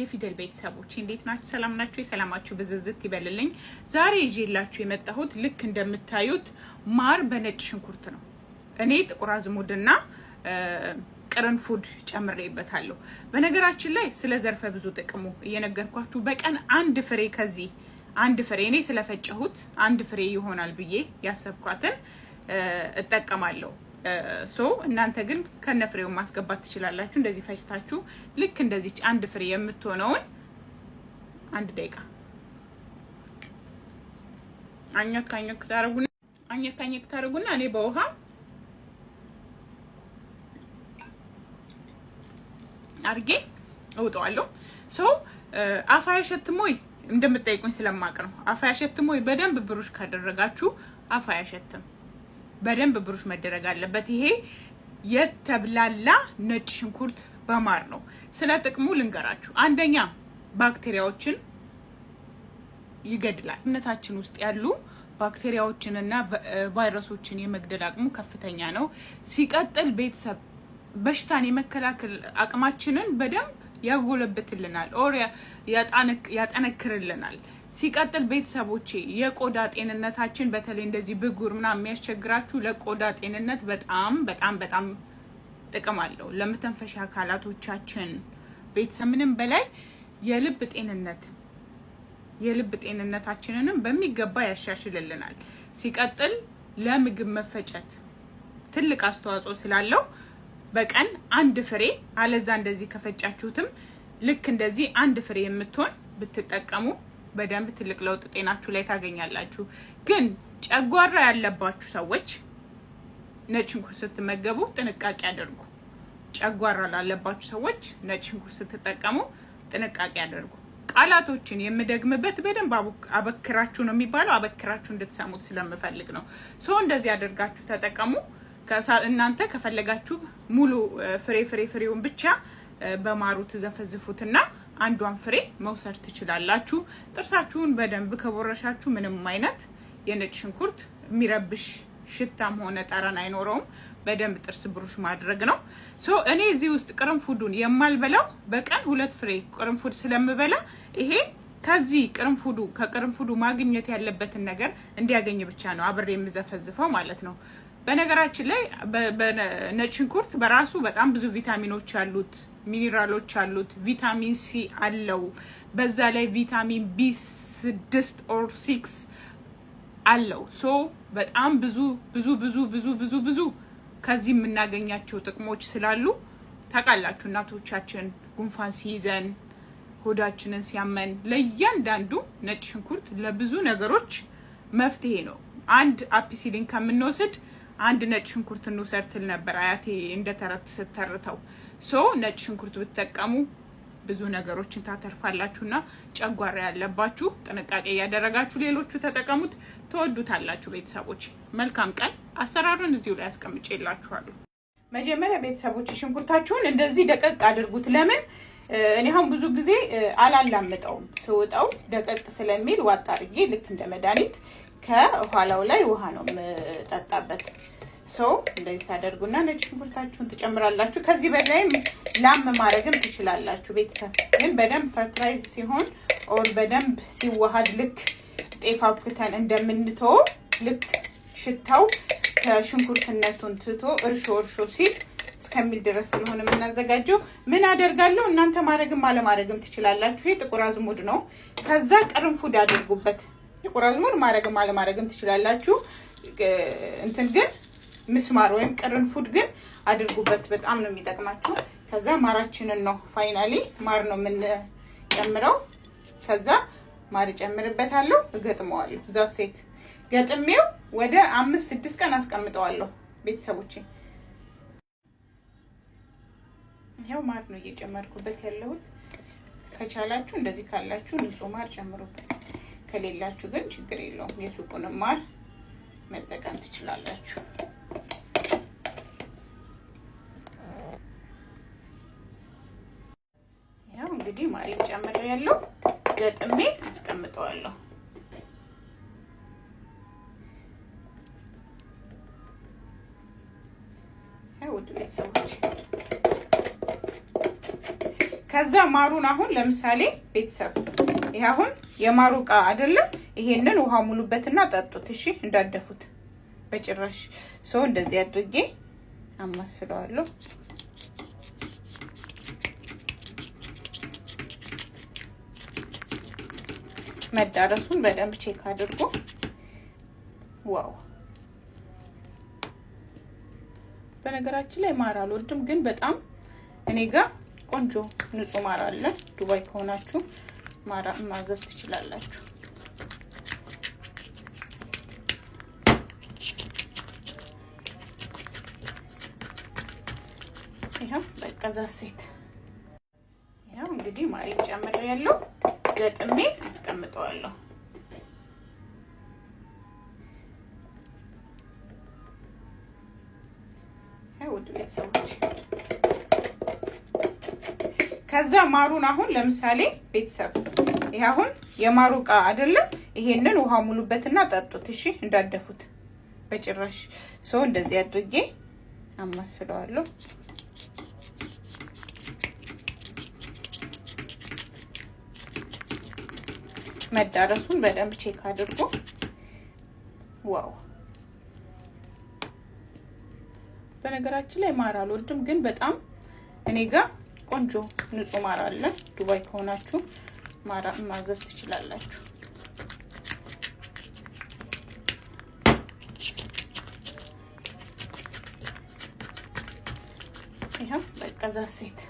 የፊደል ቤተሰቦች እንዴት ናችሁ? ሰላም ናችሁ? የሰላማችሁ ብዝዝት ይበልልኝ። ዛሬ ይዤላችሁ የመጣሁት ልክ እንደምታዩት ማር በነጭ ሽንኩርት ነው። እኔ ጥቁር አዝሙድና ቅርንፉድ ጨምሬበታለሁ። በነገራችን ላይ ስለ ዘርፈ ብዙ ጥቅሙ እየነገርኳችሁ በቀን አንድ ፍሬ ከዚህ አንድ ፍሬ እኔ ስለፈጨሁት አንድ ፍሬ ይሆናል ብዬ ያሰብኳትን እጠቀማለሁ። ሶ እናንተ ግን ከነ ፍሬው ማስገባት ትችላላችሁ። እንደዚህ ፈጭታችሁ ልክ እንደዚች አንድ ፍሬ የምትሆነውን አንድ ደቂቃ አኘክ አኘክ ታረጉና አኘክ አኘክ ታረጉና እኔ በውሃ አርጌ እውጠዋለሁ። ሶ አፋ ያሸትሞይ እንደምጠይቁኝ ስለማቅ ነው። አፋ ያሸትሞይ በደንብ ብሩሽ ካደረጋችሁ አፋ ያሸትም በደንብ ብሩሽ መደረግ አለበት። ይሄ የተብላላ ነጭ ሽንኩርት በማር ነው። ስለ ጥቅሙ ልንገራችሁ። አንደኛ ባክቴሪያዎችን ይገድላል። ሰውነታችን ውስጥ ያሉ ባክቴሪያዎችንና ቫይረሶችን የመግደል አቅሙ ከፍተኛ ነው። ሲቀጥል ቤተሰብ በሽታን የመከላከል አቅማችንን በደንብ ያጎለብትልናል፣ ኦር ያጠነክርልናል። ሲቀጥል ቤተሰቦቼ የቆዳ ጤንነታችን በተለይ እንደዚህ ብጉር ምናምን የሚያስቸግራችሁ ለቆዳ ጤንነት በጣም በጣም በጣም ጥቅም አለው። ለመተንፈሻ አካላቶቻችን ቤተሰብ ምንም በላይ የልብ ጤንነት የልብ ጤንነታችንንም በሚገባ ያሻሽልልናል። ሲቀጥል ለምግብ መፈጨት ትልቅ አስተዋጽኦ ስላለው በቀን አንድ ፍሬ አለዛ እንደዚህ ከፈጫችሁትም ልክ እንደዚህ አንድ ፍሬ የምትሆን ብትጠቀሙ በደንብ ትልቅ ለውጥ ጤናችሁ ላይ ታገኛላችሁ። ግን ጨጓራ ያለባችሁ ሰዎች ነጭ ሽንኩርት ስትመገቡ ጥንቃቄ አድርጉ። ጨጓራ ላለባችሁ ሰዎች ነጭ ሽንኩርት ስትጠቀሙ ጥንቃቄ አድርጉ። ቃላቶችን የምደግምበት በደንብ አበክራችሁ ነው የሚባለው። አበክራችሁ እንድትሰሙት ስለምፈልግ ነው። ሰው እንደዚህ አድርጋችሁ ተጠቀሙ። እናንተ ከፈለጋችሁ ሙሉ ፍሬ ፍሬ ፍሬውን ብቻ በማሩ ትዘፈዝፉትና አንዷን ፍሬ መውሰድ ትችላላችሁ። ጥርሳችሁን በደንብ ከቦረሻችሁ ምንም አይነት የነጭ ሽንኩርት የሚረብሽ ሽታም ሆነ ጠረን አይኖረውም። በደንብ ጥርስ ብሩሽ ማድረግ ነው። ሶ እኔ እዚህ ውስጥ ቅርንፉዱን የማልበላው በቀን ሁለት ፍሬ ቅርንፉድ ስለምበላ ይሄ ከዚህ ቅርንፉዱ ከቅርንፉዱ ማግኘት ያለበትን ነገር እንዲያገኝ ብቻ ነው አብሬ የምዘፈዝፈው ማለት ነው። በነገራችን ላይ ነጭ ሽንኩርት በራሱ በጣም ብዙ ቪታሚኖች ያሉት ሚኒራሎች አሉት። ቪታሚን ሲ አለው። በዛ ላይ ቪታሚን ቢ ስድስት ኦር ሲክስ አለው። ሶ በጣም ብዙ ብዙ ብዙ ብዙ ብዙ ብዙ ከዚህ የምናገኛቸው ጥቅሞች ስላሉ ታውቃላችሁ፣ እናቶቻችን ጉንፋን ሲይዘን ሆዳችንን ሲያመን ለእያንዳንዱ ነጭ ሽንኩርት ለብዙ ነገሮች መፍትሄ ነው። አንድ አፒሲሊን ከምንወስድ አንድ ነጭ ሽንኩርት እንውሰድ ትል ነበር አያቴ እንደ ተረት ስተርተው። ሶ ነጭ ሽንኩርት ብትጠቀሙ ብዙ ነገሮችን ታተርፋላችሁና ጨጓራ ያለባችሁ ጥንቃቄ እያደረጋችሁ ሌሎቹ ተጠቀሙት። ተወዱታላችሁ። ቤተሰቦች መልካም ቀን። አሰራሩን እዚሁ ላይ አስቀምጬላችኋለሁ። መጀመሪያ ቤተሰቦች ሽንኩርታችሁን እንደዚህ ደቀቅ አድርጉት። ለምን እኔ አሁን ብዙ ጊዜ አላላምጠውም፣ ስውጠው ደቀቅ ስለሚል ዋጣ አድርጌ ልክ እንደ መድኃኒት ከኋላው ላይ ውሃ ነው የምጠጣበት። ሶ እንደዚህ ታደርጉና ነጭ ሽንኩርታችሁን ትጨምራላችሁ። ከዚህ በላይም ላም ማድረግም ትችላላችሁ። ቤተሰብ ግን በደንብ ፈርትራይዝ ሲሆን ኦር በደንብ ሲዋሃድ ልክ ጤፍ አብክተን እንደምንተው ልክ ሽታው ከሽንኩርትነቱን ትቶ እርሾ እርሾ ሲል እስከሚል ድረስ ስለሆነ የምናዘጋጀው ምን አደርጋለሁ። እናንተ ማድረግም አለማድረግም ትችላላችሁ። ይሄ ጥቁር አዝሙድ ነው። ከዛ ቅርንፉድ አድርጉበት። ጥቁር አዝሙድ ማድረግም አለማድረግም ትችላላችሁ። እንትን ግን ምስማር ወይም ቅርንፉድ ግን አድርጉበት፣ በጣም ነው የሚጠቅማችሁ። ከዛ ማራችንን ነው ፋይናሊ ማር ነው የምንጨምረው። ከዛ ማር እጨምርበታለሁ፣ እገጥመዋለሁ። እዛ ሴት ገጥሜው ወደ አምስት ስድስት ቀን አስቀምጠዋለሁ። ቤተሰቦች ይኸው ማር ነው እየጨመርኩበት ያለሁት። ከቻላችሁ እንደዚህ ካላችሁ ንጹህ ማር ጨምሩበት። ከሌላችሁ ግን ችግር የለውም። የሱቁን ማር መጠቀም ትችላላችሁ። ያው እንግዲህ ማሬን ጨምር ያለው ገጥሜ አስቀምጠዋለሁ። ውድ ቤተሰቦች ከዛ ማሩን አሁን ለምሳሌ ቤተሰብ ይህ አሁን የማሩቃ አይደለ? ይሄንን ውሃ ሙሉበትና ጠጡት። እሺ እንዳደፉት በጭራሽ ሰው እንደዚህ አድርጌ አማስለዋለሁ። መዳረሱን በደንብ ቼክ አድርጎ። ዋው! በነገራችን ላይ ማር አልወድም፣ ግን በጣም እኔ ጋር ቆንጆ ንጹህ ማር አለ ዱባይ ከሆናችሁ ማዘዝ ትችላላችሁ። ይኸው በቃ ዛሴት ይኸው እንግዲህ ማሬ ጨምር ያለው ገጥሜ አስቀምጠዋለሁ። ውድ ቤተሰቦች ከዛ ማሩን አሁን ለምሳሌ ቤተሰብ ይሄ አሁን የማሩ እቃ አይደለ? ይሄንን ውሃ ሙሉበትና ጠጡት። እሺ እንዳደፉት በጭራሽ ሰው እንደዚህ አድርጌ አማስለዋለሁ። መዳረሱን በደንብ ቼክ አድርጎ። ዋው! በነገራችን ላይ ማር አልወድም፣ ግን በጣም እኔ ጋር ቆንጆ ንጹህ ማር አለ። ዱባይ ከሆናችሁ ማር ማዘዝ ትችላላችሁ። ይኸው በቃ ዛሴት